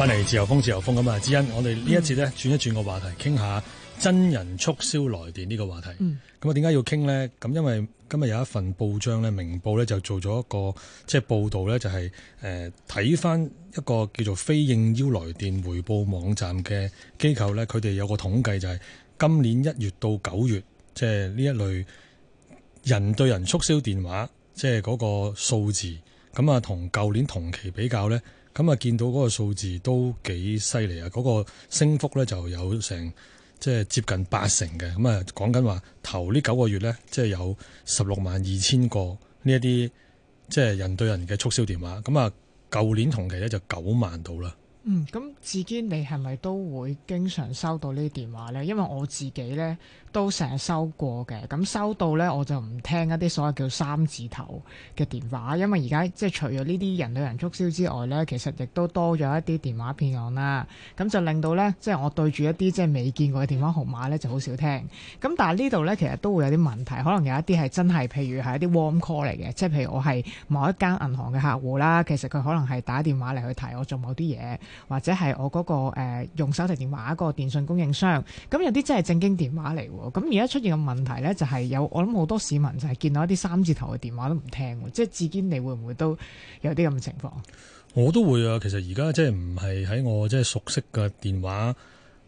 翻嚟自由風，自由風咁啊，之欣，我哋呢一節咧轉一轉，嗯、個話題，傾下真人促銷來電呢個話題。咁啊，點解要傾呢？咁因為今日有一份報章咧，《明報》咧就做咗一個即係報導咧，就係誒睇翻一個叫做非應邀來電回報網站嘅機構咧，佢哋有個統計，就是，就係今年一月到九月，即係呢一類人對人促銷電話，即係嗰個數字，咁啊，同舊年同期比較咧。咁啊，見到嗰個數字都幾犀利啊！嗰個升幅咧就有成即係接近八成嘅。咁啊，講緊話頭呢九個月咧，即係有十六萬二千個呢一啲即係人對人嘅促銷電話。咁啊，舊年同期咧就九萬度啦。嗯，咁至堅，你係咪都會經常收到呢啲電話咧？因為我自己咧。都成日收過嘅，咁收到呢，我就唔聽一啲所謂叫三字頭嘅電話，因為而家即係除咗呢啲人對人促銷之外呢，其實亦都多咗一啲電話騙案啦。咁就令到呢，即係我對住一啲即係未見過嘅電話號碼呢就好少聽。咁但係呢度呢，其實都會有啲問題，可能有一啲係真係，譬如係一啲 warm call 嚟嘅，即係譬如我係某一間銀行嘅客戶啦，其實佢可能係打電話嚟去提我做某啲嘢，或者係我嗰、嗰個、呃、用手提電話個電信供應商。咁有啲真係正經電話嚟。咁而家出現嘅問題呢，就係有我諗好多市民就係見到一啲三字頭嘅電話都唔聽嘅，即係自兼你會唔會都有啲咁嘅情況？我都會啊。其實而家即係唔係喺我即係熟悉嘅電話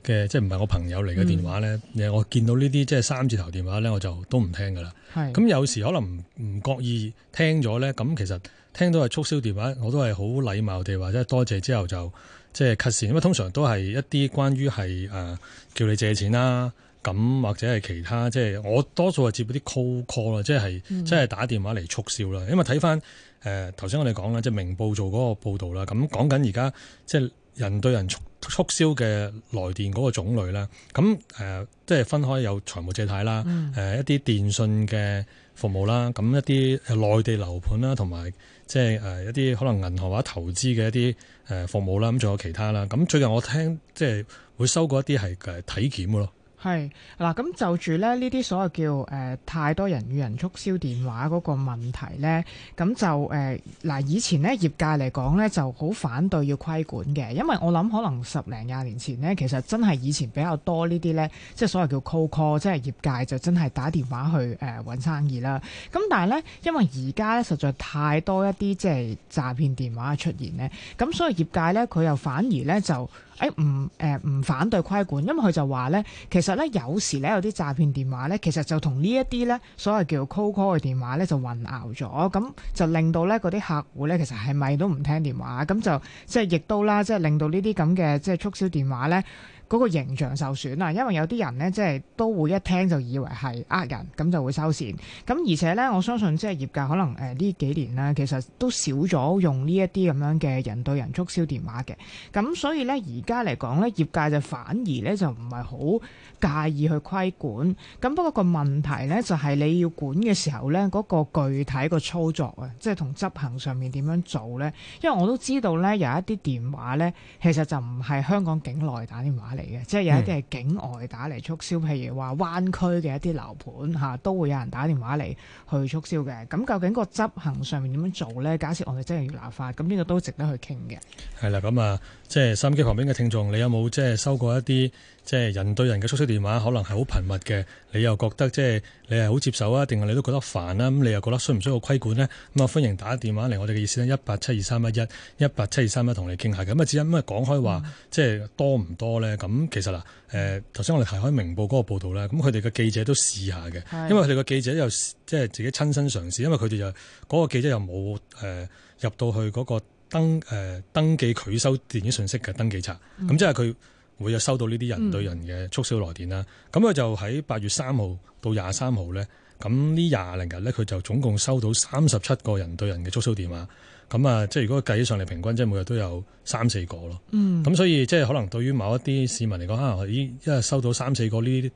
嘅，即係唔係我朋友嚟嘅電話呢、嗯。我見到呢啲即係三字頭嘅電話呢，我就都唔聽㗎喇。係咁，有時可能唔唔覺意聽咗呢。咁其實聽到係促銷電話，我都係好禮貌地話即係多謝之後就即係 cut 線。因為通常都係一啲關於係誒、呃、叫你借錢啦。咁或者係其他，即係我多數係接嗰啲 call call 啦，即係即係打電話嚟促銷啦、嗯。因為睇翻誒頭先，呃、我哋講啦，即係明報做嗰個報導啦。咁講緊而家即係人對人促促銷嘅來電嗰個種類咧，咁、呃、誒即係分開有財務借貸啦、嗯呃，一啲電信嘅服務啦，咁一啲內地樓盤啦，同埋即係一啲可能銀行或者投資嘅一啲服務啦，咁仲有其他啦。咁最近我聽即係會收過一啲係誒體檢喎。咯。係嗱，咁就住咧呢啲所謂叫、呃、太多人與人促銷電話嗰個問題呢咁就嗱、呃、以前呢業界嚟講呢就好反對要規管嘅，因為我諗可能十零廿年前呢，其實真係以前比較多呢啲呢，即係所謂叫 call call，即係業界就真係打電話去、呃、搵生意啦。咁但係呢，因為而家呢，實在太多一啲即係詐騙電話出現呢。咁所以業界呢，佢又反而呢就呃唔、呃唔反對規管，因為佢就話呢，其實咧有時咧有啲詐騙電話咧，其實就同呢一啲咧所謂叫做 cold call 嘅電話咧就混淆咗，咁就令到咧嗰啲客戶咧其實係咪都唔聽電話，咁就即係亦都啦，即係令到呢啲咁嘅即係促銷電話咧。嗰個形象受損啊，因為有啲人呢，即係都會一聽就以為係呃人，咁就會收線。咁而且呢，我相信即係業界可能呃、呢幾年呢，其實都少咗用呢一啲咁樣嘅人對人促銷電話嘅。咁所以呢，而家嚟講呢，業界就反而呢，就唔係好介意去規管。咁不過個問題呢，就係你要管嘅時候呢，嗰個具體個操作啊，即係同執行上面點樣做呢？因為我都知道呢，有一啲電話呢，其實就唔係香港境內打電話嚟。即係有一啲係境外打嚟促銷，嗯、譬如話灣區嘅一啲樓盤嚇，都會有人打電話嚟去促銷嘅。咁究竟個執行上面點樣做呢？假設我哋真係要立法，咁呢個都值得去傾嘅。係啦，咁啊，即係收音機旁邊嘅聽眾，你有冇即係收過一啲即係人對人嘅促銷電話？可能係好頻密嘅，你又覺得即係。你好接受啊，定係你都覺得煩啦、啊？咁你又覺得需唔需要規管呢？咁啊，歡迎打電話嚟我哋嘅熱線啦，一八七二三一一一八七二三一，同你傾下嘅。咁、嗯、啊，只因咁啊，講開話即係多唔多咧？咁其實啦，誒頭先我哋睇開明報嗰個報導呢，咁佢哋嘅記者都試下嘅，因為佢哋嘅記者又即係自己親身嘗試，因為佢哋就嗰、那個記者又冇、呃、入到去嗰個登誒、呃、登記拒收電子信息嘅登記冊，咁、嗯、即係佢。會有收到呢啲人對人嘅促銷來電啦，咁、嗯、佢就喺八月三號到廿三號呢，咁呢廿零日呢，佢就總共收到三十七個人對人嘅促銷電話，咁啊，即係如果計起上嚟平均，即係每日都有三四個咯。嗯，咁所以即係、就是、可能對於某一啲市民嚟講，可能係一日收到三四個呢啲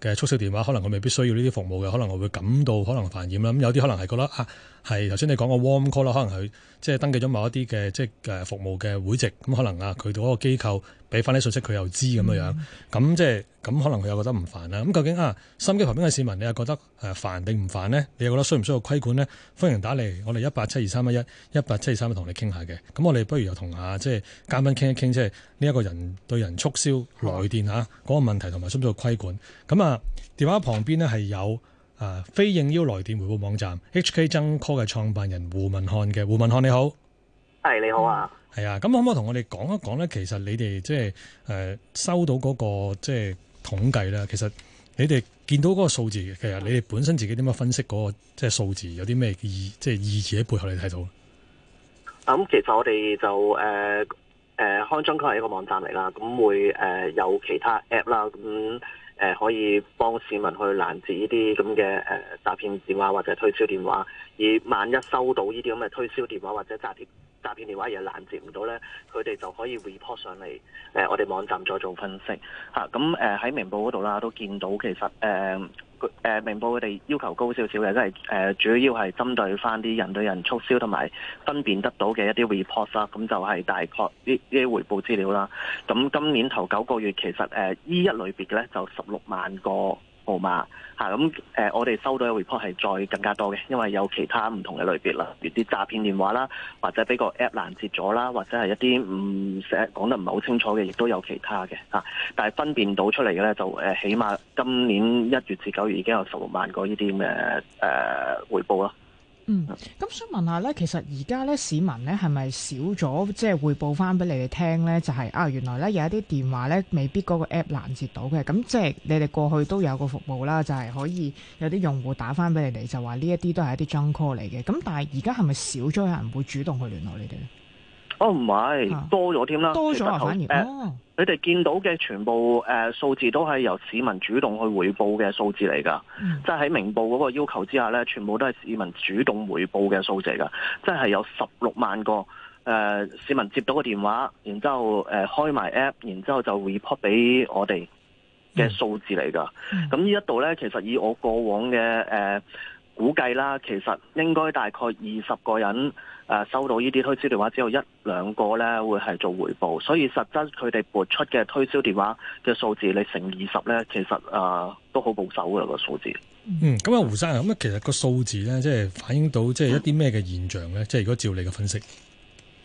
嘅促銷電話，可能佢未必需要呢啲服務嘅，可能我會感到可能煩厭啦。咁有啲可能係覺得啊。係頭先你講個 warm call 啦，可能佢即係登記咗某一啲嘅即係服務嘅會籍，咁、mm-hmm. 就是、可能啊佢對嗰個機構俾翻啲信息，佢又知咁樣樣，咁即係咁可能佢又覺得唔煩啦。咁究竟啊，心機旁邊嘅市民你又覺得誒煩定唔煩呢？你又覺得需唔需要規管呢？歡迎打嚟，我哋一八七二三一一八七二三一同你傾下嘅。咁我哋不如又同啊，即係嘉賓傾一傾，即係呢一個人對人促銷來電啊，嗰個問題同埋需唔需要規管？咁啊電話旁邊呢係有。啊，非應邀來電回報網站 HK Junk Call 嘅創辦人胡文翰嘅胡文翰你好，係、hey, 你好啊，係啊，咁可唔可以同我哋講一講咧？其實你哋即係誒收到嗰、那個即係、就是、統計咧，其實你哋見到嗰個數字、嗯，其實你哋本身自己點樣分析嗰、那個即係數字，有啲咩意即係、就是、意義喺背後？你睇到，咁、嗯、其實我哋就誒誒，Junk Call 係一個網站嚟啦，咁、嗯、會誒、呃、有其他 app 啦咁。嗯誒、呃、可以幫市民去攔截呢啲咁嘅誒詐騙電話或者推銷電話。而萬一收到呢啲咁嘅推銷電話或者詐騙詐騙電話而係攔截唔到咧，佢哋就可以 report 上嚟，誒我哋網站再做分析吓。咁誒喺明報嗰度啦，都見到其實誒誒、呃呃、明報佢哋要求高少少嘅，即係誒主要係針對翻啲人對人促銷同埋分辨得到嘅一啲 report 啦、啊。咁就係大概呢呢啲回報資料啦。咁、啊、今年頭九個月其實誒呢、呃、一類別咧就十六萬個。號碼嚇，咁誒，我哋收到嘅 report 係再更加多嘅，因為有其他唔同嘅類別啦，如啲詐騙電話啦，或者俾個 app 攔截咗啦，或者係一啲唔、嗯、寫講得唔係好清楚嘅，亦都有其他嘅嚇、啊。但係分辨到出嚟嘅咧，就誒、呃、起碼今年一月至九月已經有十六萬個呢啲咁嘅誒回報啦。嗯，咁想問下咧，其實而家咧市民咧係咪少咗即係匯報翻俾你哋聽咧？就係啊，原來咧有一啲電話咧未必嗰個 app 攔截到嘅，咁即係你哋過去都有個服務啦，就係可以有啲用戶打翻俾你哋，就話呢一啲都係一啲 junk call 嚟嘅。咁但係而家係咪少咗有人會主動去聯絡你哋咧？哦，唔係多咗添啦，多咗啊反而，你哋、呃、見到嘅全部誒、呃、數字都係由市民主動去回報嘅數字嚟㗎，即係喺明報嗰個要求之下咧，全部都係市民主動回報嘅數字嚟㗎，即、就、係、是、有十六萬個誒、呃、市民接到個電話，然之後誒、呃、開埋 app，然之後就 report 俾我哋嘅數字嚟㗎。咁、嗯嗯、呢一度咧，其實以我過往嘅誒。呃估計啦，其實應該大概二十個人誒、呃、收到呢啲推銷電話之後，只有一兩個咧會係做回報，所以實質佢哋撥出嘅推銷電話嘅數字，你乘二十咧，其實誒、呃、都好保守嘅個數字。嗯，咁阿胡生，咁啊其實個數字咧，即係反映到即係一啲咩嘅現象咧？即係如果照你嘅分析，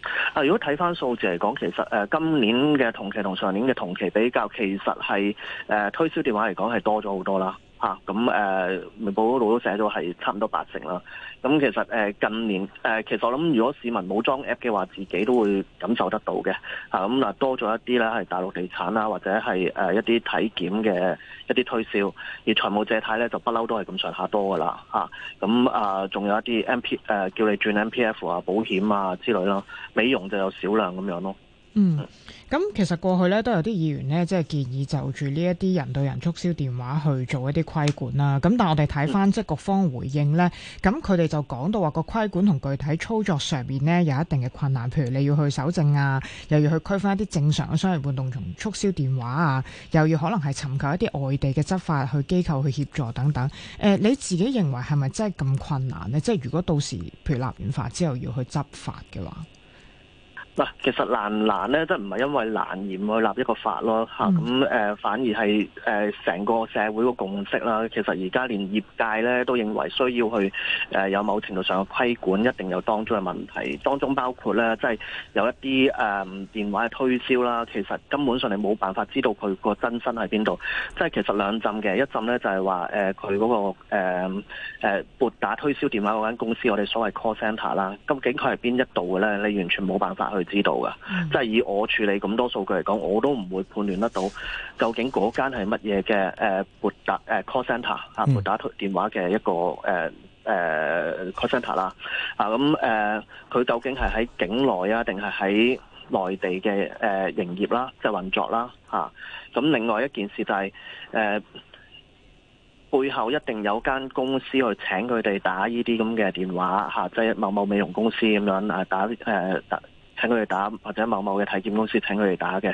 啊、呃，如果睇返數字嚟講，其實誒、呃、今年嘅同期同上年嘅同期比較，其實係誒、呃、推銷電話嚟講係多咗好多啦。嚇咁誒，微、嗯、報嗰度都寫咗係差唔多八成啦。咁、嗯、其實誒、嗯、近年誒、嗯，其實我諗如果市民冇裝 app 嘅話，自己都會感受得到嘅。嚇咁嗱，多咗一啲咧係大陸地產啦，或者係誒、呃、一啲體檢嘅一啲推銷，而財務借貸咧就不嬲都係咁上下多噶啦。嚇咁啊，仲、嗯呃、有一啲 M P 誒、呃、叫你轉 M P F 啊、保險啊之類咯，美容就有少量咁樣咯。嗯，咁其實過去咧都有啲議員呢，即係建議就住呢一啲人對人促銷電話去做一啲規管啦。咁但我哋睇翻即係各方回應呢，咁佢哋就講到話個規管同具體操作上面呢，有一定嘅困難，譬如你要去搜證啊，又要去區分一啲正常嘅商業活動同促銷電話啊，又要可能係尋求一啲外地嘅執法去機構去協助等等。呃，你自己認為係咪真係咁困難呢？即係如果到時譬如立完法之後要去執法嘅話？嗱，其實難唔難咧，即係唔係因為難而唔去立一個法咯嚇，咁誒反而係誒成個社會個共識啦。其實而家連業界咧都認為需要去誒有某程度上嘅規管，一定有當中嘅問題。當中包括咧，即係有一啲誒電話嘅推銷啦，其實根本上你冇辦法知道佢個真身喺邊度。即係其實兩浸嘅，一浸咧就係話誒佢嗰個誒誒撥打推銷電話嗰間公司，我哋所謂 call centre e 啦，究竟佢係邊一度嘅咧？你完全冇辦法去知道㗎，即係以我處理咁多數據嚟講，我都唔會判斷得到究竟嗰間係乜嘢嘅誒撥打誒、呃、call center 啊撥打電話嘅一個誒誒、呃呃、call center 啦啊咁誒，佢、啊啊、究竟係喺境內啊，定係喺內地嘅誒營業啦、啊，即係運作啦、啊、吓。咁、啊啊、另外一件事就係、是、誒、啊、背後一定有間公司去請佢哋打呢啲咁嘅電話吓、啊，即係某某美容公司咁樣啊打誒打。啊打請佢哋打，或者某某嘅體檢公司請佢哋打嘅，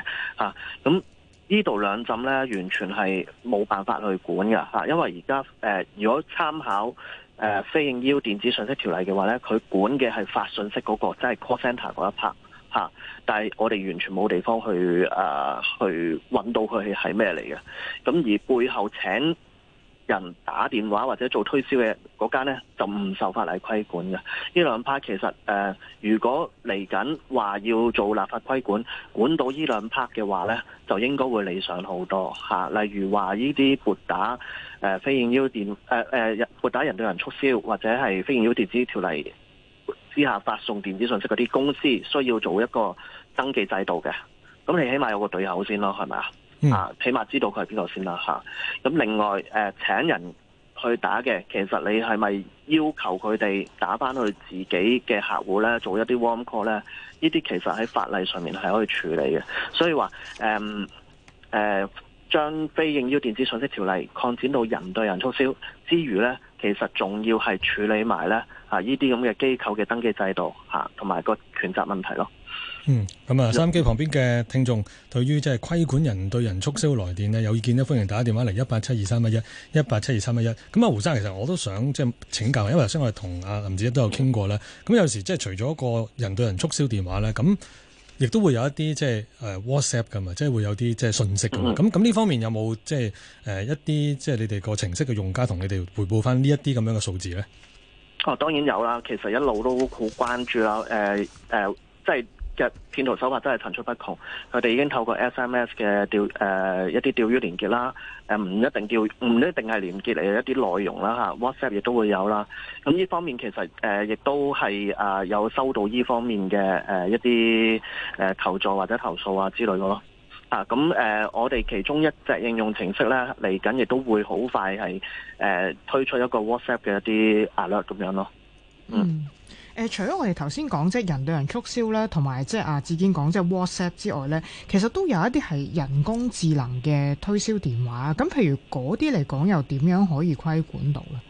咁呢度兩浸呢，完全係冇辦法去管嘅、啊、因為而家、呃、如果參考誒、呃、非應邀電子訊息條例嘅話呢，佢管嘅係發訊息嗰、那個，即係 call center 嗰一 part、啊、但係我哋完全冇地方去誒、啊、去揾到佢係咩嚟嘅？咁、啊、而背後請人打電話或者做推銷嘅嗰間呢，就唔受法例規管嘅。呢兩 part 其實誒、呃，如果嚟緊話要做立法規管，管到呢兩 part 嘅話呢，就應該會理想好多、啊、例如話呢啲撥打誒、呃、非應邀電誒誒、呃呃、撥打人對人促銷或者係非應邀電子條例之下發送電子信息嗰啲公司，需要做一個登記制度嘅。咁你起碼有個對口先咯，係咪啊？嗯、啊，起碼知道佢係邊個先啦咁，啊啊、另外誒、呃、請人去打嘅，其實你係咪要求佢哋打翻去自己嘅客戶咧，做一啲 warm call 咧？呢啲其實喺法例上面係可以處理嘅。所以話誒誒，將非應邀電子信息條例擴展到人對人促銷之餘咧，其實仲要係處理埋咧呢啲咁嘅機構嘅登記制度同埋、啊、個權責問題咯。嗯，咁啊，收音機旁邊嘅聽眾，對於即係規管人對人促銷來電呢，有意見呢，歡迎打電話嚟一八七二三一一一八七二三一一。咁啊，胡生，其實我都想即係請教，因為頭先，我哋同阿林子益都有傾過啦。咁、嗯嗯、有時即係除咗個人對人促銷電話呢，咁亦都會有一啲即係誒 WhatsApp 噶嘛，即、就、係、是、會有啲即係訊息噶。咁咁，呢方面有冇即係誒一啲即係你哋個程式，嘅用家同你哋回報翻呢一啲咁樣嘅數字呢？哦，當然有啦，其實一路都好關注啦，誒、呃、誒，即、呃、係。就是嘅騙徒手法真係層出不窮，佢哋已經透過 SMS 嘅釣誒一啲釣魚連結啦，誒唔一定釣，唔一定係連結嚟嘅一啲內容啦嚇，WhatsApp 亦都會有啦。咁呢方面其實誒亦、呃、都係啊、呃、有收到呢方面嘅誒、呃、一啲誒求助或者投訴啊之類嘅咯。啊咁誒、呃，我哋其中一隻應用程式咧嚟緊亦都會好快係誒、呃、推出一個 WhatsApp 嘅一啲 alert 咁樣咯。嗯。嗯。除咗我哋頭先講即係人對人促銷啦，同埋即係阿志堅講即係 WhatsApp 之外呢，其實都有一啲係人工智能嘅推銷電話。咁譬如嗰啲嚟講，又點樣可以規管到呢？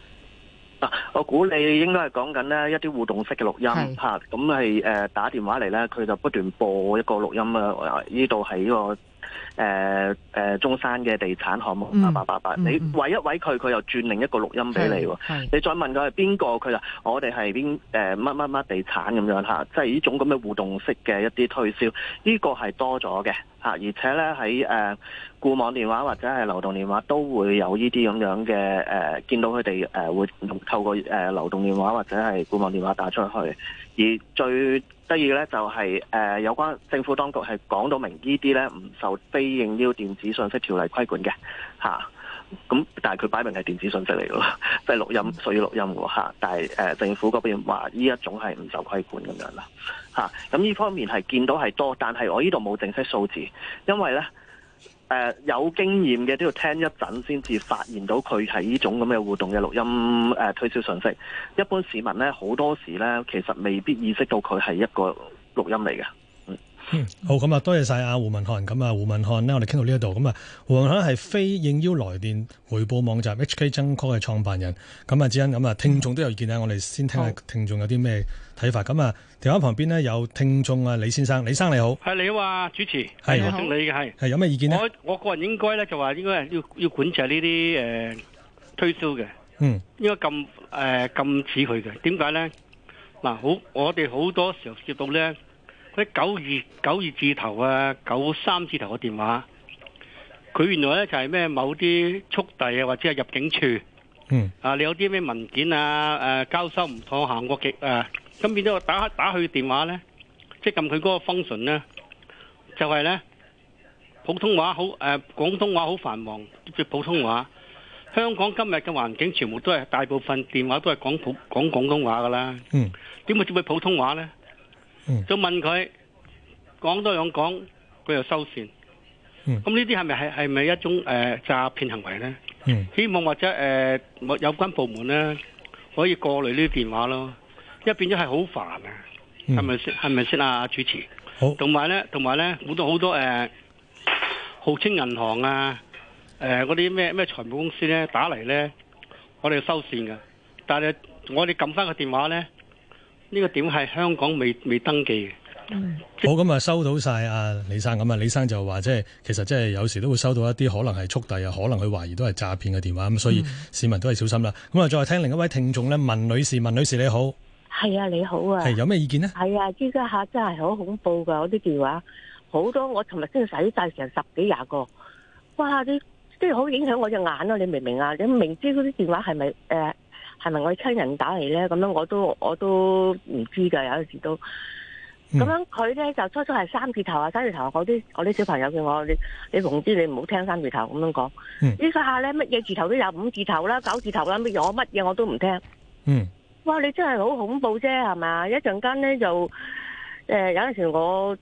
啊，我估你應該係講緊咧一啲互動式嘅錄音嚇，咁係誒打電話嚟呢，佢就不斷播一個錄音啊，呢度係呢個。誒、呃、誒、呃，中山嘅地產項目八八八八，你喂一喂佢，佢又轉另一個錄音俾你。你再問佢係邊個，佢就我哋係邊誒乜乜乜地產咁樣吓，即係呢種咁嘅互動式嘅一啲推銷，呢、這個係多咗嘅，吓，而且咧喺誒固網電話或者係流動電話都會有呢啲咁樣嘅誒、呃，見到佢哋誒會同透過誒、呃、流動電話或者係固網電話打出去，而最。第二咧就係誒有關政府當局係講到明呢啲咧唔受非應邀電子信息條例規管嘅，嚇，咁但係佢擺明係電子信息嚟喇，即係錄音屬於錄音喎。但係誒政府嗰邊話呢一種係唔受規管咁樣啦嚇，咁呢方面係見到係多，但係我呢度冇正式數字，因為咧。誒、呃、有經驗嘅都要聽一陣先至發現到佢係呢種咁嘅互動嘅錄音誒、呃、推銷信息，一般市民呢好多時呢，其實未必意識到佢係一個錄音嚟嘅。嗯、好咁啊，多謝晒阿胡文翰。咁啊，胡文翰，咧我哋傾到呢一度。咁啊，胡文翰係非應邀來電回報網站 HK Junk Call 嘅創辦人。咁啊，只因咁啊，聽眾都有意見啊。我哋先聽下聽，聽眾有啲咩睇法。咁啊，電話旁邊呢，有聽眾啊，李先生，李生你好。係你好啊主持，係我你嘅係。係有咩意見呢我？我個人應該咧就話應該要要管制呢啲誒推銷嘅。嗯，應該咁誒禁止佢嘅。點解咧？嗱、啊，好，我哋好多時候接到咧。嗰九二九二字頭啊，九三字頭嘅電話，佢原來咧就係咩某啲速遞啊，或者係入境處，嗯，啊，你有啲咩文件啊，誒、啊，交收唔妥，行過極啊咁變咗打打去電話咧，即係撳佢嗰個 function 咧，就係、是、咧普通話好誒，廣、啊、東話好繁忙，接接普通話，香港今日嘅環境全部都係大部分電話都係講普講廣東話噶啦，嗯，點會接咪普通話咧？嗯、就問佢講多兩講，佢又收線。咁呢啲係咪係咪一種誒、呃、詐騙行為咧、嗯？希望或者、呃、有關部門咧可以過濾呢啲電話咯，因為變咗係好煩啊。係咪先係咪先啊？主持。好。同埋咧，同埋咧，好多好多誒、呃，號稱銀行啊，誒嗰啲咩咩財務公司咧打嚟咧，我哋收線噶。但係我哋撳翻個電話咧。呢、這個點係香港未未登記嘅、嗯。好咁啊，那就收到晒啊，李生咁啊，李生就話即係其實即係有時都會收到一啲可能係速遞啊，可能佢懷疑都係詐騙嘅電話咁，所以市民都係小心啦。咁、嗯、啊，就再聽另一位聽眾咧，文女士，文女士你好，係啊，你好啊，係有咩意見呢？係啊，依家下真係好恐怖㗎！嗰啲電話好多，我尋日先係洗曬成十幾廿個，哇！啲真係好影響我隻眼咯，你明唔明啊？你明知嗰啲電話係咪誒？呃係咪我親人打嚟咧？咁樣我都我都唔知噶，有陣時都咁樣呢。佢咧就初初係三字頭啊，三字頭啊，啲我啲小朋友叫我你你唔好聽三字頭咁樣講。嗯、呢家下咧乜嘢字頭都有，五字頭啦，九字頭啦，乜嘢我乜嘢我都唔聽。嗯，哇！你真係好恐怖啫，係咪啊？一陣間咧就誒、呃，有陣時我。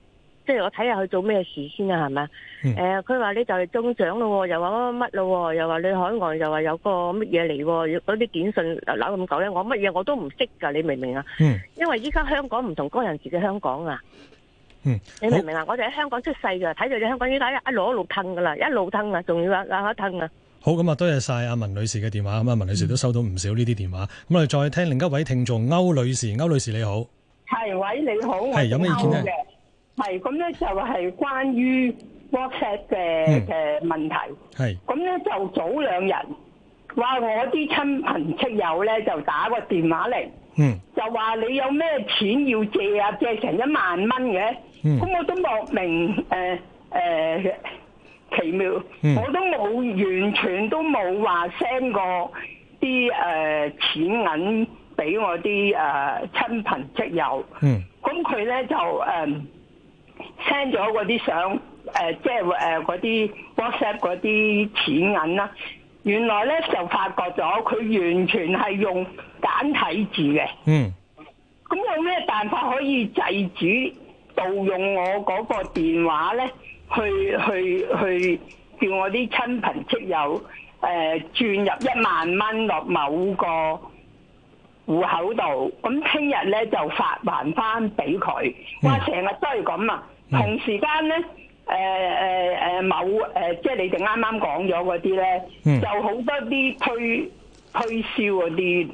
即係我睇下佢做咩事先啊，係咪？誒，佢話你就係中獎咯，又話乜乜乜咯，又話你海外，又話有個乜嘢嚟，嗰啲短信留咁久咧，我乜嘢我都唔識噶，你明唔明啊？嗯，因為依家香港唔同嗰陣時嘅香港啊。嗯。你明唔明啊？我哋喺香港出世噶，睇住啲香港小姐一路一路吞噶啦，一路吞啊，仲要一一吞啊。好，咁啊，多謝晒阿文女士嘅電話。咁啊，文女士都收到唔少呢啲電話。咁我哋再聽另一位聽眾歐女士，歐女士你好。係，喂，你好。係。有咩意見咧？係咁咧，就係關於 WhatsApp 嘅嘅問題。係咁咧，就早兩日話我啲親朋戚友咧就打個電話嚟，嗯，就話你有咩錢要借啊？借成一萬蚊嘅。咁、嗯、我都莫名誒誒、呃呃、奇妙，嗯、我都冇完全都冇話 send 過啲誒、呃、錢銀俾我啲誒、呃、親朋戚友。咁佢咧就誒。呃 send 咗嗰啲相，誒、呃，即係誒嗰啲 WhatsApp 嗰啲錢銀啦。原來咧就發覺咗，佢完全係用簡體字嘅。嗯。咁有咩辦法可以制止盜用我嗰個電話咧？去去去，去叫我啲親朋戚友誒轉、呃、入一萬蚊落某個戶口度。咁聽日咧就發還翻俾佢。哇，成日都係咁啊！嗯、同時間咧，誒誒誒，某誒、呃，即係你哋啱啱講咗嗰啲咧，就好多啲推推銷嗰啲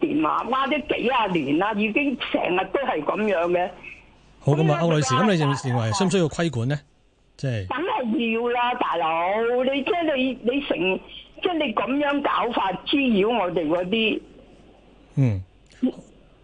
電話，哇！咗幾廿年啦，已經成日都係咁樣嘅。好咁啊，就係，歐女士，咁你認認為需唔需要規管咧？即係梗係要啦，大佬！你即係你你成即係你咁樣搞法滋擾我哋嗰啲，嗯。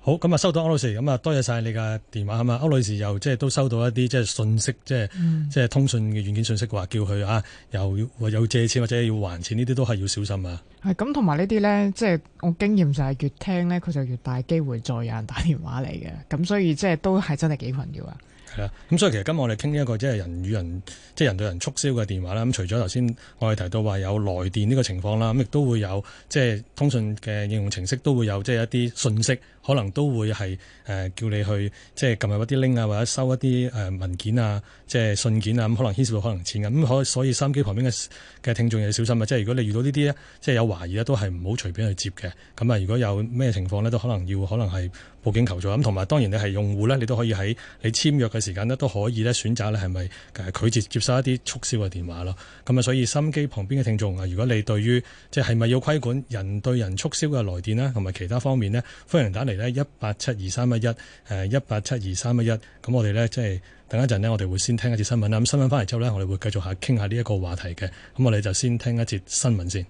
好咁啊，收到歐女士咁啊，多謝晒你嘅電話啊嘛。歐女士又即係都收到一啲即係信息，即係即係通訊嘅軟件信息話，嗯，叫佢啊，又話有借錢或者要還錢，呢啲都係要小心啊。係咁，同埋呢啲咧，即係我經驗就係越聽咧，佢就越大機會再有人打電話嚟嘅。咁所以即係都係真係幾重要啊。係啦，咁所以其實今日我哋傾呢一個即係人與人，即係人對人促銷嘅電話啦。咁除咗頭先我哋提到話有來電呢個情況啦，咁亦都會有即係通訊嘅應用程式都會有即係一啲信息。可能都會係誒、呃、叫你去即係撳入一啲 link 啊，或者收一啲誒、呃、文件啊，即係信件啊，咁、嗯、可能牽涉到可能錢嘅、啊、咁、嗯、所以收音機旁邊嘅嘅聽眾要小心啊！即係如果你遇到呢啲呢，即係有懷疑呢，都係唔好隨便去接嘅。咁、嗯、啊，如果有咩情況呢，都可能要可能係報警求助咁。同、嗯、埋當然你係用戶呢，你都可以喺你簽約嘅時間呢，都可以呢選擇你係咪拒絕接收一啲促銷嘅電話咯。咁、嗯、啊，所以收音機旁邊嘅聽眾啊，如果你對於即係係咪要規管人對人促銷嘅來電呢，同埋其他方面呢，歡迎打。一八七二三一一，誒一八七二三一一，咁我哋呢，即係等一陣呢，我哋會先聽一節新聞啦。咁新聞翻嚟之後呢，我哋會繼續下傾下呢一個話題嘅。咁我哋就先聽一節新聞先。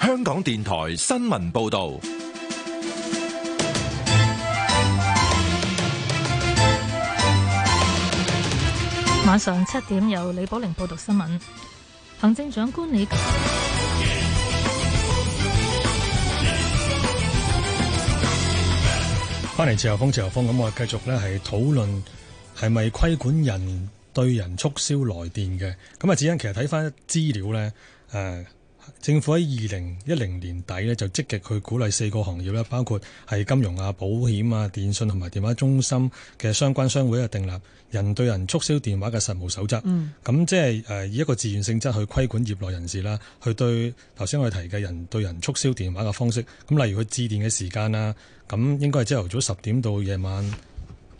香港電台新聞報道。晚上七點由李寶玲報道新聞。行政長官李，翻嚟，自由風自由風，咁我哋繼續咧係討論係咪規管人對人促銷來電嘅？咁啊，只因其實睇翻資料咧，誒、呃。政府喺二零一零年底咧，就積極去鼓勵四個行業啦，包括係金融啊、保險啊、電信同埋電話中心嘅相關商會嘅訂立人對人促銷電話嘅實務守則。咁、嗯、即係誒以一個自願性質去規管業內人士啦，去對頭先我哋提嘅人對人促銷電話嘅方式。咁例如佢致電嘅時間啦，咁應該係朝頭早十點到夜晚。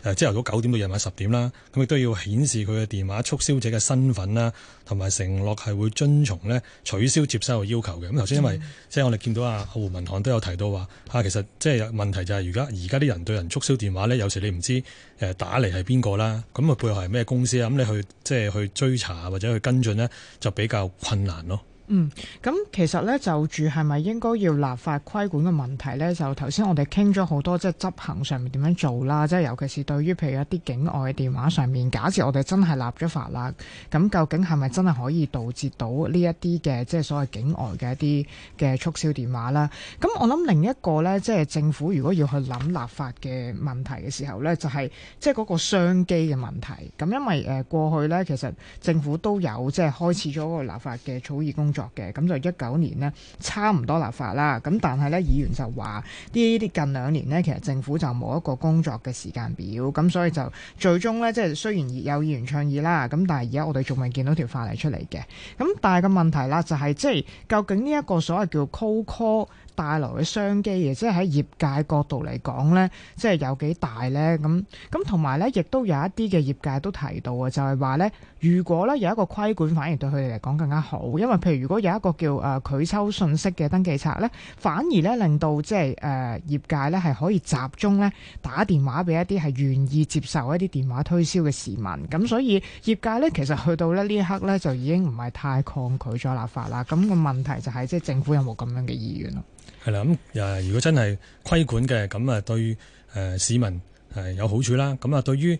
誒朝頭早九點到夜晚十點啦，咁亦都要顯示佢嘅電話促銷者嘅身份啦，同埋承諾係會遵從咧取消接收嘅要求嘅。咁頭先因為即係我哋見到啊，胡文翰都有提到話啊其實即係有問題就係而家而家啲人對人促銷電話咧，有時你唔知誒打嚟係邊個啦，咁啊背後係咩公司啊？咁你去即係去追查或者去跟進咧，就比較困難咯。嗯，咁其實咧就住係咪應該要立法規管嘅問題咧，就頭先我哋傾咗好多即係執行上面點樣做啦，即係尤其是對於譬如一啲境外嘅電話上面，假設我哋真係立咗法啦，咁究竟係咪真係可以杜絕到呢一啲嘅即係所謂境外嘅一啲嘅促銷電話啦，咁我諗另一個咧，即係政府如果要去諗立法嘅問題嘅時候咧，就係即係嗰個商機嘅問題，咁因為誒過去咧其實政府都有即係開始咗個立法嘅草擬工作。嘅咁就一九年呢，差唔多立法啦，咁但係呢，議員就話呢啲近兩年呢，其實政府就冇一個工作嘅時間表，咁所以就最終呢，即係雖然有議員倡議啦，咁但係而家我哋仲未見到條法例出嚟嘅，咁但係個問題啦就係、是、即係究竟呢一個所謂叫 cold call。帶來嘅商機，即係喺業界角度嚟講呢，即係有幾大呢？咁咁同埋呢，亦都有一啲嘅業界都提到啊，就係、是、話呢，如果呢有一個規管，反而對佢哋嚟講更加好。因為譬如如果有一個叫誒拒收信息嘅登記冊呢，反而呢令到即係誒、呃、業界呢係可以集中呢打電話俾一啲係願意接受一啲電話推銷嘅市民。咁所以業界呢，其實去到呢一刻呢，就已經唔係太抗拒咗立法啦。咁、那個問題就係、是、即係政府有冇咁樣嘅意願咯？係啦，咁誒，如果真係規管嘅，咁啊對誒市民誒有好處啦。咁啊，對於誒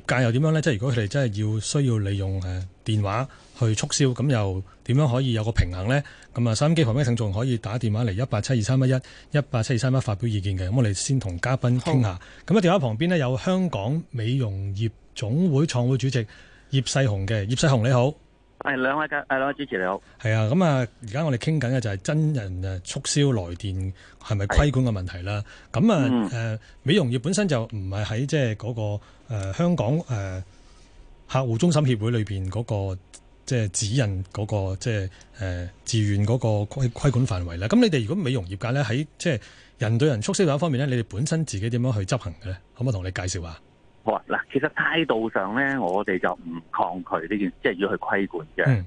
業界又點樣咧？即係如果佢哋真係要需要利用誒電話去促銷，咁又點樣可以有個平衡咧？咁啊，收音機旁邊嘅聽眾可以打電話嚟一八七二三一一，一八七二三一發表意見嘅。咁我哋先同嘉賓傾下。咁、嗯、喺電話旁邊呢，有香港美容業總會創會主席葉世雄嘅。葉世雄你好。誒、哎，兩位嘅誒，哎、兩位主持你好。係啊，咁啊，而家我哋傾緊嘅就係真人誒促銷來電係咪規管嘅問題啦。咁、哎、啊，誒、嗯呃，美容業本身就唔係喺即係嗰個誒香港誒、呃、客戶中心協會裏邊嗰、那個即係、呃、指引嗰、那個即係誒自願嗰個規規管範圍啦。咁你哋如果美容業界咧喺即係人對人促銷一方面咧，你哋本身自己點樣去執行嘅咧？可唔可以同你介紹啊？嗱，其實態度上咧，我哋就唔抗拒呢件事，即係要去規管嘅。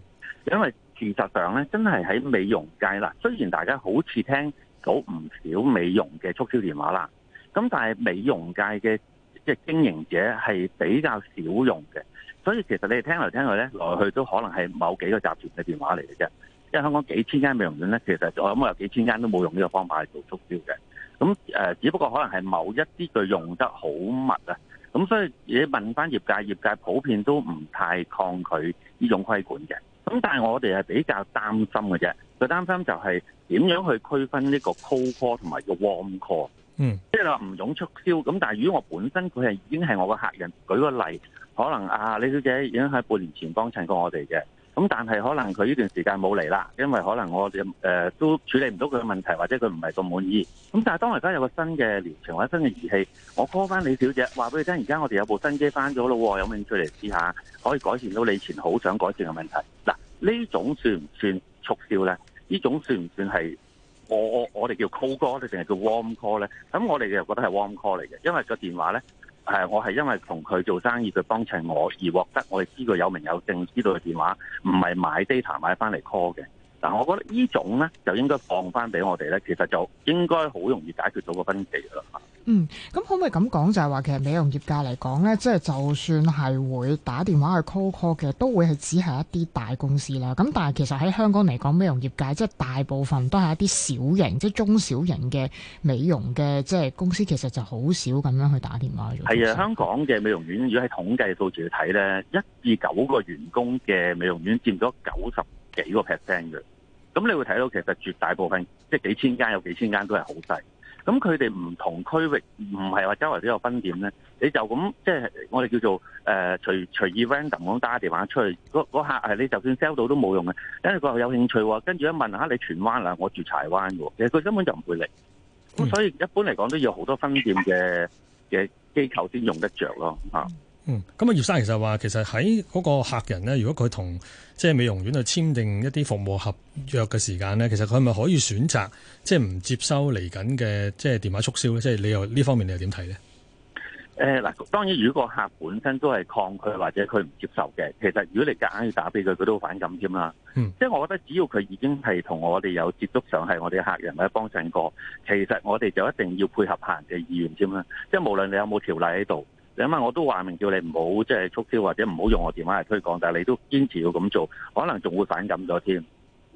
因為事實上咧，真係喺美容界啦，雖然大家好似聽到唔少美容嘅促銷電話啦，咁但係美容界嘅即係經營者係比較少用嘅。所以其實你哋聽來聽去咧，來去都可能係某幾個集團嘅電話嚟嘅啫。因為香港幾千間美容院咧，其實我諗我有幾千間都冇用呢個方法去做促銷嘅。咁，呃，只不過可能係某一啲佢用得好密啊。咁所以你問翻業界，業界普遍都唔太抗拒呢種規管嘅。咁但係我哋係比較擔心嘅啫，佢擔心就係點樣去區分呢個 cold call 同埋個 warm call。嗯，即係話唔用促銷。咁但係如果我本身佢係已經係我嘅客人，舉個例，可能啊李小姐已經喺半年前幫襯過我哋嘅。咁但係可能佢呢段時間冇嚟啦，因為可能我哋誒都處理唔到佢嘅問題，或者佢唔係咁滿意。咁但係當而家有個新嘅療程或者新嘅儀器，我 call 翻李小姐，話俾佢聽，而家我哋有部新機翻咗咯，有興趣嚟試下，可以改善到你以前好想改善嘅問題。嗱，呢種算唔算促銷咧？呢種算唔算係我我我哋叫 call 哥定係叫 warm call 咧？咁我哋又覺得係 warm call 嚟嘅，因為個電話咧。係，我係因為同佢做生意，佢幫襯我而獲得我哋知道有名有姓知道嘅電話，唔係買 data 買翻嚟 call 嘅。嗱，我覺得呢種咧就應該放翻俾我哋咧，其實就應該好容易解決到個分歧噶啦。嗯，咁可唔可以咁講，就係話其實美容業界嚟講咧，即係就算係會打電話去 call call 嘅，都會係只係一啲大公司啦。咁但係其實喺香港嚟講，美容業界即係大部分都係一啲小型即係中小型嘅美容嘅即係公司，其實就好少咁樣去打電話去做。係啊，香港嘅美容院如果係統計數字去睇咧，一至九個員工嘅美容院佔咗九十幾個 percent 嘅。咁你會睇到其實絕大部分即係幾千間有幾千間都係好細，咁佢哋唔同區域唔係話周圍都有分店咧，你就咁即係我哋叫做誒隨隨意 random 地打個電話出去。嗰嗰客係你就算 sell 到都冇用嘅，因為佢話有興趣喎，跟住一問一下你荃灣啊，我住柴灣嘅，其實佢根本就唔會嚟，咁所以一般嚟講都要好多分店嘅嘅機構先用得着咯，吓嗯，咁啊，葉生其實話，其實喺嗰個客人咧，如果佢同即係美容院去簽訂一啲服務合約嘅時間咧，其實佢係咪可以選擇即係唔接收嚟緊嘅即係電話促銷咧？即係你又呢方面你又點睇咧？誒嗱，當然如果個客本身都係抗拒或者佢唔接受嘅，其實如果你夾硬要打俾佢，佢都會反感添啦、嗯。即係我覺得只要佢已經係同我哋有接觸上，係我哋嘅客人或者幫襯過，其實我哋就一定要配合客人嘅意願添啦。即係無論你有冇條例喺度。因為我都話明叫你唔好即係促銷或者唔好用我電話嚟推廣，但你都堅持要咁做，可能仲會反感咗添。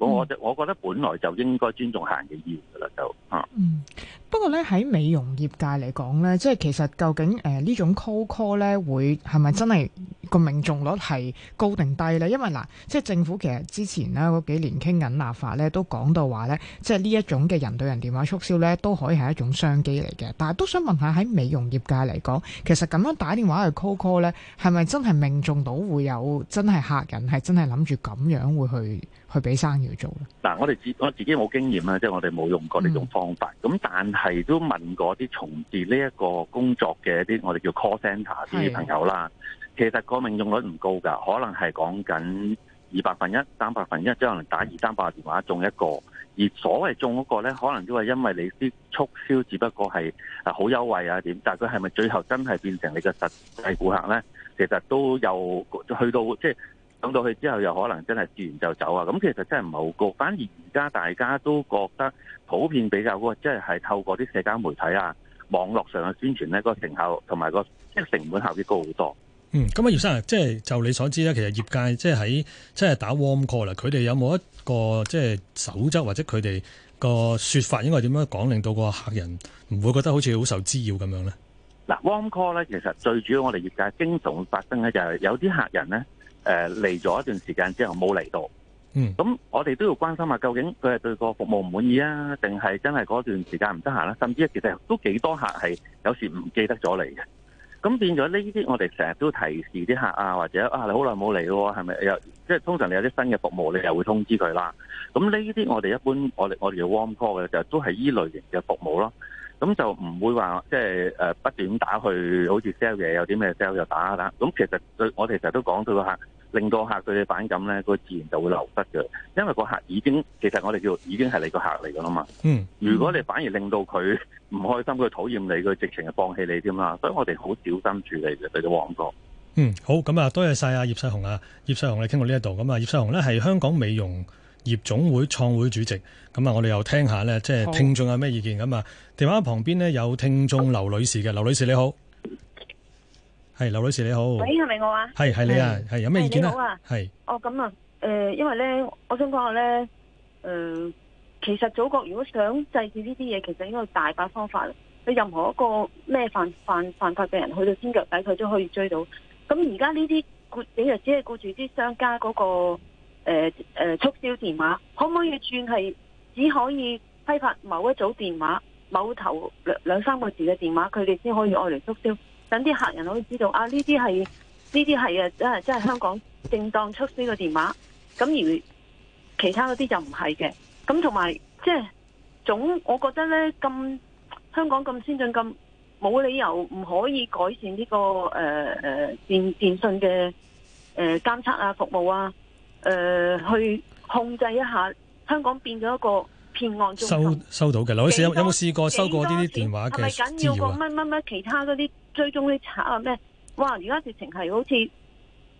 我我，我覺得本來就應該尊重客人嘅意願噶啦，就嗯，嗯。不過咧，喺美容業界嚟講咧，即係其實究竟呃呢種 call call 咧，會係咪真係個命中率係高定低咧？因為嗱，即係政府其實之前咧嗰幾年傾緊立法咧，都講到話咧，即係呢一種嘅人對人電話促銷咧，都可以係一種商機嚟嘅。但係都想問下喺美容業界嚟講，其實咁樣打電話去 call call 咧，係咪真係命中到會有真係客人係真係諗住咁樣會去？去俾生意去做嗱、嗯，我哋自我自己冇經驗啦，即係我哋冇用過呢種方法。咁但係都問過啲從事呢一個工作嘅一啲我哋叫 call center 啲朋友啦，其實個命中率唔高㗎，可能係講緊二百分一、三百分一，即係可能打二三百個電話中一個。而所謂中嗰個咧，可能都係因為你啲促銷，只不過係好優惠啊點，但係佢係咪最後真係變成你嘅實際顧客咧？其實都有去到即係。等到去之後又可能真係自然就走啊！咁其實真係唔係好高，反而而家大家都覺得普遍比較高，即係透過啲社交媒體啊、網絡上嘅宣傳咧，個成效同埋個即係成本效益高好多。嗯，咁啊，葉生啊，即係就你所知咧，其實業界即係喺即係打 warm call 啦，佢哋有冇一個即係、就是、守則或者佢哋個說法應該點樣講，令到個客人唔會覺得好似好受滋擾咁樣咧？嗱，warm call 咧，其實最主要我哋業界經常發生咧，就係有啲客人咧。誒嚟咗一段時間之後冇嚟到。咁、嗯、我哋都要關心下究竟佢係對個服務唔滿意啊，定係真係嗰段時間唔得閒啦，甚至其實都幾多客係有時唔記得咗嚟嘅，咁變咗呢啲我哋成日都提示啲客啊，或者啊，你好耐冇嚟咯，係咪即係通常你有啲新嘅服務，你又會通知佢啦？咁呢啲我哋一般，我哋我哋叫 warm call 嘅就都係呢類型嘅服務咯。咁、嗯、就唔會話即係誒、呃、不斷打去，好似 sell 嘢有啲咩 sell 就打下打。咁其實對我哋成日都講到個客，令到客對你反感咧，個自然就會流失嘅。因為個客已經其實我哋叫已經係你個客嚟噶啦嘛。嗯。如果你反而令到佢唔開心，佢討厭你，佢直情係放棄你添啦，所以我哋好小心處理嘅對到旺貨。嗯，好。咁啊，多謝晒啊葉世雄啊，葉世雄，你哋傾到呢一度。咁啊，葉世雄咧係香港美容業總會創會主席，咁啊，我哋又聽下咧，即係聽眾有咩意見咁啊？電話旁邊咧有聽眾劉女士嘅。劉女士你好，係劉女士你好，喂係咪我啊？係係你啊，係有咩意見啊？好啊，係哦咁啊，誒，因為咧，我想講下咧，誒，其實祖國如果想制止呢啲嘢，其實應該大把方法，你任何一個咩犯犯犯法嘅人，去到天腳底佢都可以追到。咁而家呢啲你就只係顧住啲商家嗰個。誒、呃、誒、呃，促銷電話可唔可以轉係只可以批發某一組電話，某頭兩兩三個字嘅電話，佢哋先可以愛嚟促銷。等啲客人可以知道啊，呢啲係呢啲係啊，真係真係香港正當促銷嘅電話。咁而其他嗰啲就唔係嘅。咁同埋即係總，我覺得呢，咁香港咁先進，咁冇理由唔可以改善呢、這個誒誒、呃、電電信嘅、呃、監監測啊服務啊。誒、呃，去控制一下香港變咗一個騙案中心。收收到嘅，劉女士有有冇試過收過啲啲電話嘅資料係咪緊要個乜乜乜？其他嗰啲追蹤啲賊啊咩？哇！而家直情係好似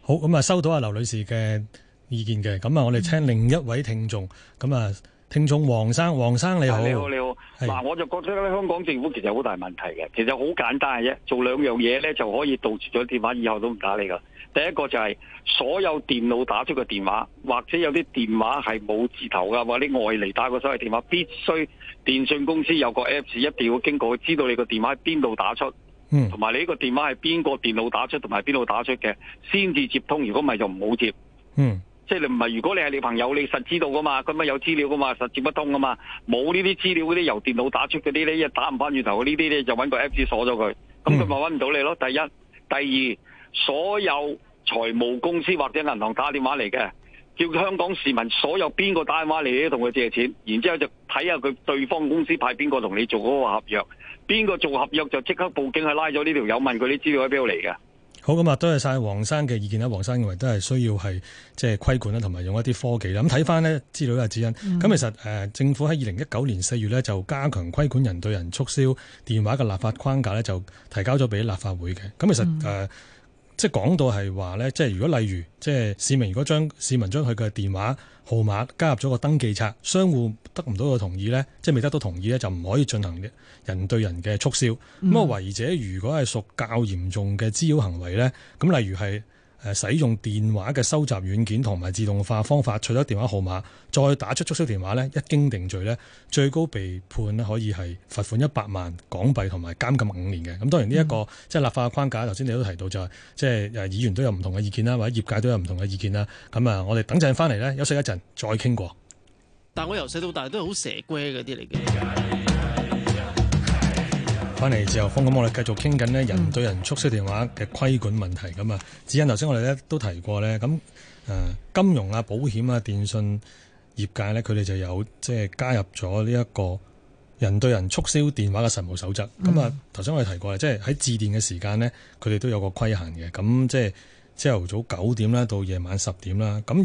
好咁啊！收到啊，劉女士嘅意見嘅。咁啊，我哋請另一位聽眾咁啊。嗯聽眾黃生，黃生你好，你好你好，嗱我就覺得咧，香港政府其實好大問題嘅，其實好簡單嘅啫，做兩樣嘢咧就可以杜絕咗電話以後都唔打你噶。第一個就係、是、所有電腦打出嘅電話，或者有啲電話係冇字頭噶，或者你外嚟，打個手提電話，必須電信公司有個 apps，一定要經過，知道你個電話喺邊度打出，嗯，同埋你呢個電話係邊個電腦打出，同埋邊度打出嘅，先至接通，如果唔係就唔好接，嗯。即係你唔係，如果你係你朋友，你實知道噶嘛，咁咪有資料噶嘛，實接不通噶嘛，冇呢啲資料嗰啲由電腦打出嗰啲咧，一打唔翻轉頭，呢啲咧就搵個 Apps 鎖咗佢，咁佢咪搵唔到你咯。第一、第二，所有財務公司或者銀行打電話嚟嘅，叫香港市民所有邊個打電話嚟都同佢借錢，然之後就睇下佢對方公司派邊個同你做嗰個合約，邊個做合約就即刻報警去拉咗呢條友，問佢啲資料喺邊度嚟嘅。好咁啊，多謝晒黃生嘅意見啦。黃生認為都係需要係即係規管啦，同埋用一啲科技啦。咁睇翻呢資料嘅指引，咁、嗯、其實政府喺二零一九年四月呢，就加強規管人對人促銷電話嘅立法框架呢就提交咗俾立法會嘅。咁其實誒即係講到係話呢，即係如果例如即係市民如果將市民將佢嘅電話。號碼加入咗個登記冊，商戶得唔到個同意呢，即係未得到同意呢，就唔可以進行人對人嘅促銷。咁、嗯、啊，違者如果係屬較嚴重嘅滋擾行為呢，咁例如係，誒使用電話嘅收集軟件同埋自動化方法取得電話號碼，再打出促銷電話咧，一經定罪咧，最高被判咧可以係罰款一百萬港幣同埋監禁五年嘅。咁當然呢一個即係立法嘅框架，頭先你都提到就係即係誒議員都有唔同嘅意見啦，或者業界都有唔同嘅意見啦。咁啊，我哋等陣翻嚟咧，休息一陣再傾過。但我由細到大都係好蛇龜嗰啲嚟嘅。返嚟自由風咁，我哋繼續傾緊咧人對人促銷電話嘅規管問題咁啊。只因頭先我哋咧都提過咧，咁誒、呃、金融啊、保險啊、電信業界咧，佢哋就有即係、就是、加入咗呢一個人對人促銷電話嘅實務守則。咁、嗯、啊，頭、嗯、先我哋提過，即係喺致電嘅時間咧，佢哋都有個規限嘅。咁即係朝頭早九點啦，到夜晚十點啦。咁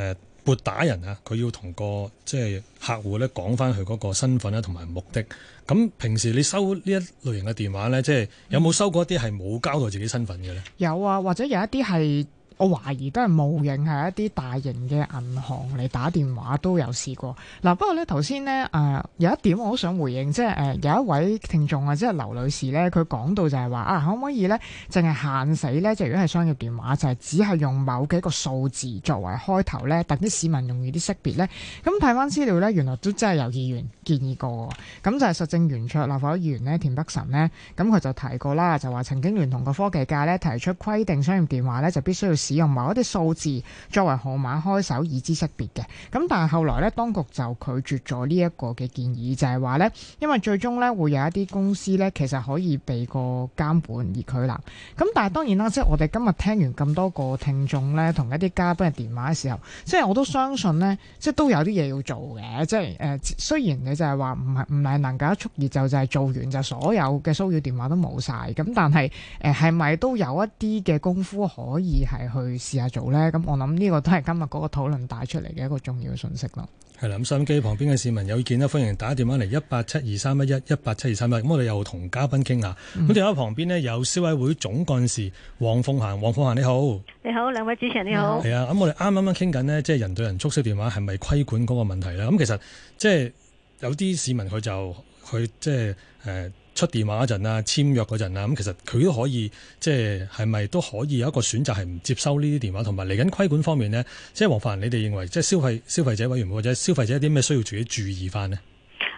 而誒。撥打人啊，佢要同個即係客戶咧講返佢嗰個身份呀同埋目的。咁平時你收呢一類型嘅電話咧，即係有冇收過一啲係冇交代自己身份嘅咧？有啊，或者有一啲係。我懷疑都係冒認係一啲大型嘅銀行嚟打電話都有試過。嗱、啊，不過咧頭先咧誒有一點我好想回應，即係誒、呃、有一位聽眾啊，即係劉女士咧，佢講到就係話啊，可唔可以咧淨係限死咧？就如果係商業電話，就係、是、只係用某幾個數字作為開頭咧，等啲市民容易啲識別咧。咁睇翻資料咧，原來都真係有議員建議過。咁就係實政圓桌立法議員咧，田北辰咧，咁佢就提過啦，就話曾經聯同個科技界咧提出規定商業電話咧就必須要使用某一啲數字作為號碼開手以知識別嘅，咁但係後來咧，當局就拒絕咗呢一個嘅建議，就係話咧，因為最終咧會有一啲公司咧，其實可以被個監管而拒攬。咁但係當然啦，即係我哋今日聽完咁多個聽眾咧，同一啲嘉賓嘅電話嘅時候，即係我都相信咧，即係都有啲嘢要做嘅，即係誒，雖然你就係話唔係唔係能夠一蹴而就，就係、是、做完就所有嘅騷擾電話都冇晒。咁但係誒係咪都有一啲嘅功夫可以係？去試下做咧，咁我諗呢個都係今日嗰個討論帶出嚟嘅一個重要嘅信息咯。係啦，咁收音機，旁邊嘅市民有意見咧，歡迎打電話嚟一八七二三一一，一八七二三一。咁我哋又同嘉賓傾下。咁電話旁邊呢？有消委會總幹事黃鳳嫻，黃鳳嫻你好。你好，兩位主持人你好。係啊，咁我哋啱啱啱傾緊呢，即係人對人促銷電話係咪規管嗰個問題咧？咁其實即係有啲市民佢就佢即係誒。呃出電話嗰陣啊，簽約嗰陣啊，咁其實佢都可以，即係係咪都可以有一個選擇係唔接收呢啲電話，同埋嚟緊規管方面呢，即係黃凡，你哋認為即係消費消費者委員會或者消費者有啲咩需要自己注意翻呢？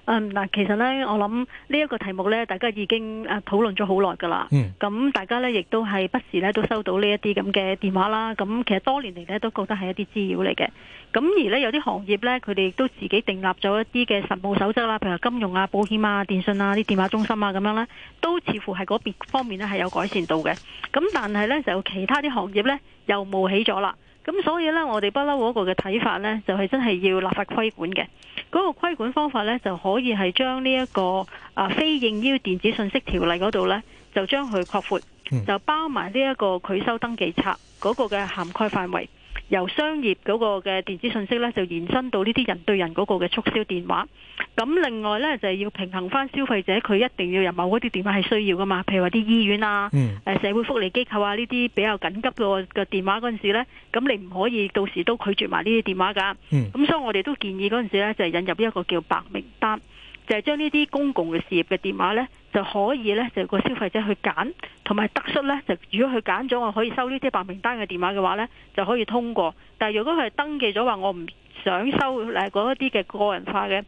嗯，嗱，其實呢，我諗呢一個題目呢，大家已經誒、啊、討論咗好耐㗎啦。咁、嗯、大家呢，亦都係不時咧都收到呢一啲咁嘅電話啦。咁其實多年嚟呢，都覺得係一啲滋擾嚟嘅。咁而呢，有啲行業呢，佢哋都自己訂立咗一啲嘅實務守則啦、啊，譬如金融啊、保險啊、電信啊啲電話中心啊咁樣咧，都似乎係嗰邊方面咧係有改善到嘅。咁但係呢，就其他啲行業呢，又冒起咗喇。咁所以呢，我哋不嬲嗰個嘅睇法呢，就係、是、真係要立法規管嘅。嗰個規管方法咧，就可以係將呢一個啊非應邀電子信息條例嗰度咧，就將佢擴闊，就包埋呢一個拒收登記冊嗰個嘅涵蓋範圍。由商業嗰個嘅電子信息呢，就延伸到呢啲人對人嗰個嘅促銷電話。咁另外呢，就係、要平衡翻消費者，佢一定要有某嗰啲電話係需要㗎嘛。譬如話啲醫院啊、嗯，社會福利機構啊呢啲比較緊急個嘅電話嗰陣時呢，咁你唔可以到時都拒絕埋呢啲電話㗎。咁、嗯、所以我哋都建議嗰陣時呢，就係、引入一個叫白名單，就係將呢啲公共嘅事業嘅電話呢。就可以呢，就個消費者去揀，同埋得出呢，就如果佢揀咗，我可以收呢啲白名單嘅電話嘅話呢，就可以通過。但係如果佢係登記咗話，我唔想收嗰一啲嘅個人化嘅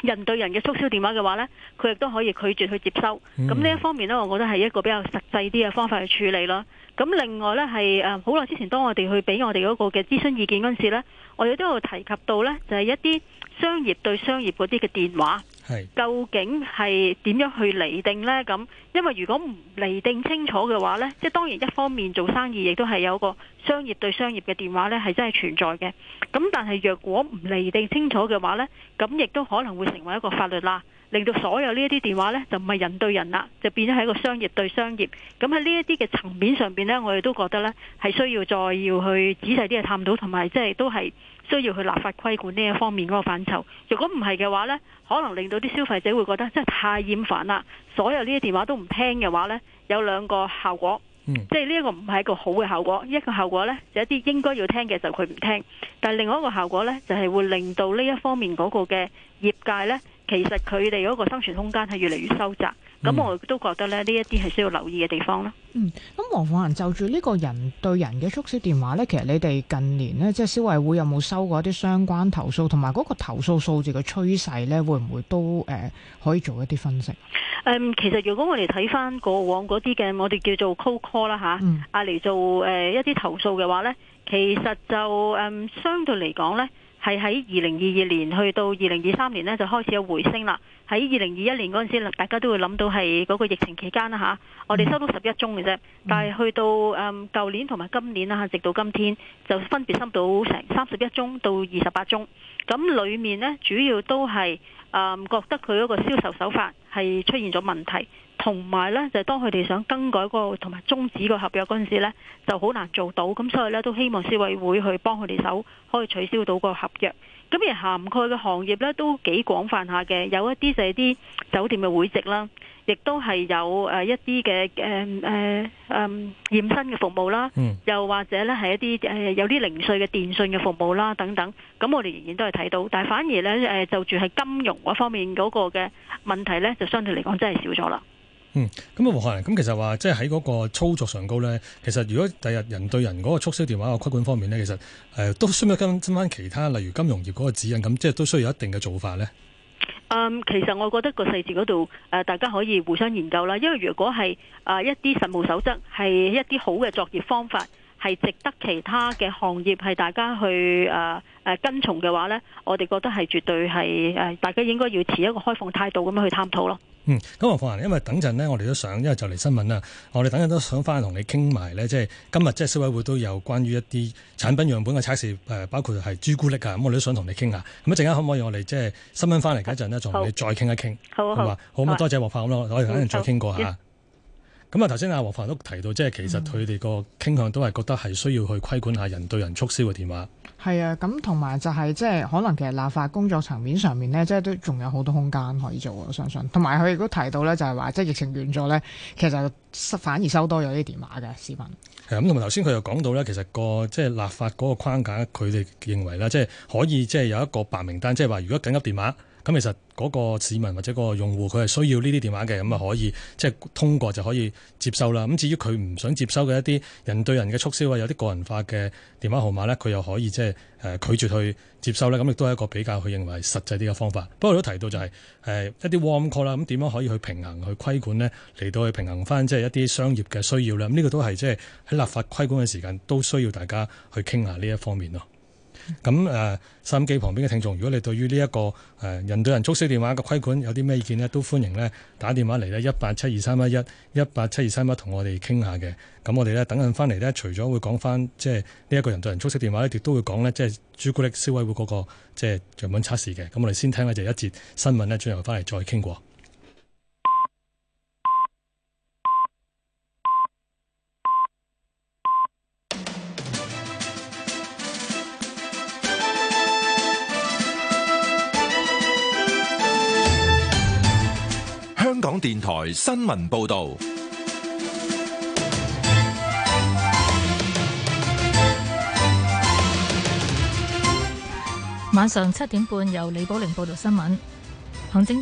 人對人嘅促銷電話嘅話呢，佢亦都可以拒絕去接收。咁、嗯、呢一方面呢，我覺得係一個比較實際啲嘅方法去處理咯。咁另外呢，係好耐之前，當我哋去俾我哋嗰個嘅諮詢意見嗰陣時呢，我哋都有提及到呢，就係、是、一啲商業對商業嗰啲嘅電話。係，究竟係點樣去厘定呢？咁因為如果唔厘定清楚嘅話呢，即係當然一方面做生意亦都係有個商業對商業嘅電話呢，係真係存在嘅。咁但係若果唔厘定清楚嘅話呢，咁亦都可能會成為一個法律啦，令到所有呢一啲電話呢就唔係人對人啦，就變咗係一個商業對商業。咁喺呢一啲嘅層面上邊呢，我哋都覺得呢係需要再要去仔細啲去探討，同埋即係都係。都要去立法規管呢一方面嗰個範疇。如果唔係嘅話咧，可能令到啲消費者會覺得真係太厭煩啦。所有呢啲電話都唔聽嘅話咧，有兩個效果，嗯、即係呢一個唔係一個好嘅效果。一個效果咧，就是、一啲應該要聽嘅時候，佢唔聽，但係另外一個效果咧，就係、是、會令到呢一方面嗰個嘅業界咧，其實佢哋嗰個生存空間係越嚟越收窄。咁、嗯、我都覺得咧，呢一啲係需要留意嘅地方咯。嗯，咁黃鳳賢就住呢個人對人嘅促銷電話呢，其實你哋近年呢，即係消委會有冇收過一啲相關投訴，同埋嗰個投訴數字嘅趨勢呢，會唔會都誒、呃、可以做一啲分析？誒、嗯，其實如果我哋睇翻過往嗰啲嘅，我哋叫做 cold call 啦、啊、吓，啊、嗯、嚟做誒、呃、一啲投訴嘅話呢，其實就誒、呃、相對嚟講呢。係喺二零二二年去到二零二三年呢，就開始有回升啦。喺二零二一年嗰陣時，大家都會諗到係嗰個疫情期間啦嚇。我哋收到十一宗嘅啫，但係去到誒嗯、舊年同埋今年啦嚇，直到今天就分別收到成三十一宗到二十八宗。咁裡面呢，主要都係誒、嗯、覺得佢嗰個銷售手法係出現咗問題。同埋呢，就係當佢哋想更改嗰個同埋終止個合約嗰陣時呢，就好難做到。咁所以呢，都希望消委會去幫佢哋手，可以取消到個合約。咁而涵蓋嘅行業呢，都幾廣泛下嘅，有一啲就係啲酒店嘅會籍啦，亦都係有誒一啲嘅誒誒誒驗身嘅服務啦，又或者呢係一啲誒有啲零碎嘅電訊嘅服務啦等等。咁我哋仍然都係睇到，但係反而呢，誒就住係金融嗰方面嗰個嘅問題呢，就相對嚟講真係少咗啦。嗯，咁啊，胡文翰，咁其實話即係喺嗰個操作上高呢。其實如果第日人對人嗰個促銷電話嘅規管方面呢，其實誒、呃、都需要跟跟翻其他，例如金融業嗰個指引咁，即係都需要一定嘅做法呢、嗯。其實我覺得嗰個細節嗰度、呃、大家可以互相研究啦。因為如果係啊、呃、一啲實務守則係一啲好嘅作業方法，係值得其他嘅行業係大家去誒誒、呃呃、跟從嘅話呢，我哋覺得係絕對係誒、呃、大家應該要持一個開放態度咁樣去探討咯。嗯，咁胡文翰，因為等陣呢，我哋都想，因為就嚟新聞啦，我哋等陣都想翻去同你傾埋咧，即係今日即係消委會都有關於一啲產品樣本嘅測試，包括係朱古力啊，咁我哋都想同你傾下。咁一陣間可唔可以我哋即係新聞翻嚟嗰陣呢？同你再傾一傾。好啊，好多謝胡文翰，我哋等陣再傾過下。咁啊，頭先啊，胡文翰都提到，即係其實佢哋個傾向都係覺得係需要去規管下人對人促銷嘅電話。係啊，咁同埋就係即係可能其實立法工作層面上面呢，即係都仲有好多空間可以做啊！我相信，同埋佢亦都提到呢，就係話即係疫情完咗呢，其實就反而收多咗啲電話嘅市民。係咁，同埋頭先佢又講到呢，其實個即係立法嗰個框架，佢哋認為呢，即係可以即係有一個白名單，即係話如果緊急電話。咁其實嗰個市民或者嗰個用戶佢係需要呢啲電話嘅，咁啊可以即係、就是、通過就可以接收啦。咁至於佢唔想接收嘅一啲人對人嘅促銷啊，有啲個人化嘅電話號碼咧，佢又可以即係誒拒絕去接收啦，咁亦都係一個比較佢認為實際啲嘅方法。不過都提到就係、是呃、一啲 warm call 啦，咁點樣可以去平衡去規管呢？嚟到去平衡翻即係一啲、就是、商業嘅需要啦。咁呢個都係即係喺立法規管嘅時間都需要大家去傾下呢一方面咯。咁誒，收、啊、音機旁邊嘅聽眾，如果你對於呢、這、一個誒、啊、人對人促銷電話嘅規管有啲咩意見呢？都歡迎呢打電話嚟咧一八七二三一一一八七二三一，同我哋傾下嘅。咁我哋呢等陣翻嚟呢，除咗會講翻即係呢一個人對人促銷電話呢，亦都會講呢，即係朱古力消委會嗰、那個即係樣本測試嘅。咁我哋先聽咧就一節新聞呢，最後翻嚟再傾過。香港電台新聞報道。晚上七點半，由李寶玲報道新聞。行政。